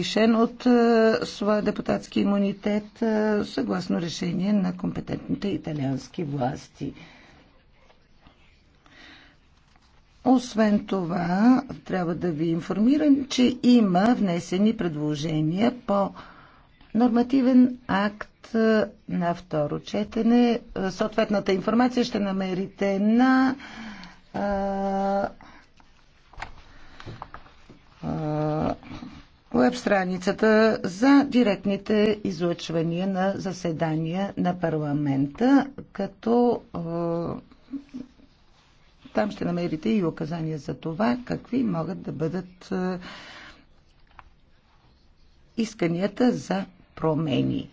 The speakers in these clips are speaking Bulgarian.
лишен от е, своя депутатски имунитет е, съгласно решение на компетентните италиански власти. Освен това, трябва да ви информирам, че има внесени предложения по нормативен акт е, на второ четене. Съответната информация ще намерите на веб-страницата за директните излъчвания на заседания на парламента, като там ще намерите и указания за това, какви могат да бъдат исканията за промени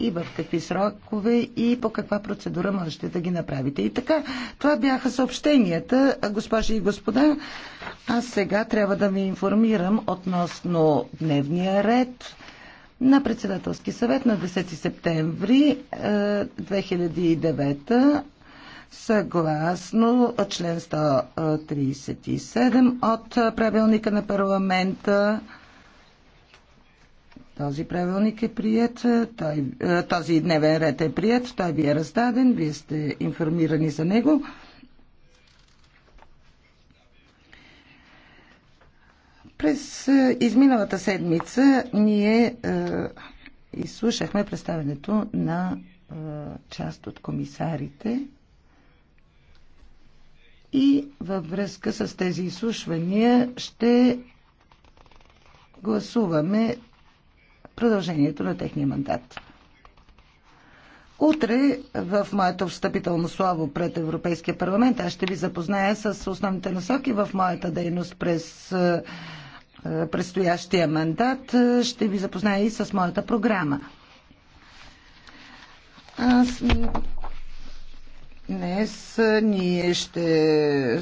и в какви срокове и по каква процедура можете да ги направите. И така, това бяха съобщенията, госпожи и господа. Аз сега трябва да ви информирам относно дневния ред на председателски съвет на 10 септември 2009 е, съгласно член 137 от правилника на парламента този правилник е прият, той, този дневен ред е прият, той ви е раздаден, вие сте информирани за него. През изминалата седмица ние е, изслушахме представенето на е, част от комисарите и във връзка с тези изслушвания ще гласуваме продължението на техния мандат. Утре в моето встъпително слово пред Европейския парламент аз ще ви запозная с основните насоки в моята дейност през е, предстоящия мандат. Ще ви запозная и с моята програма. Аз... Днес е, ние ще е,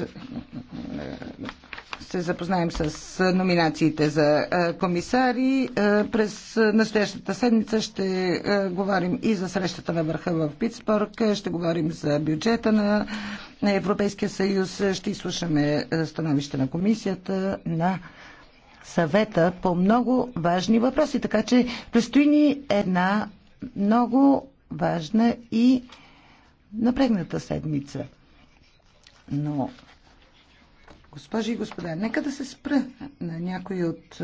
се запознаем с номинациите за е, комисари. Е, през настоящата седмица ще е, говорим и за срещата на върха в Питсбург, ще говорим за бюджета на Европейския съюз, ще изслушаме становище на комисията на съвета по много важни въпроси. Така че предстои ни една много важна и напрегната седмица. Но Госпожи и господа, нека да се спра на някои от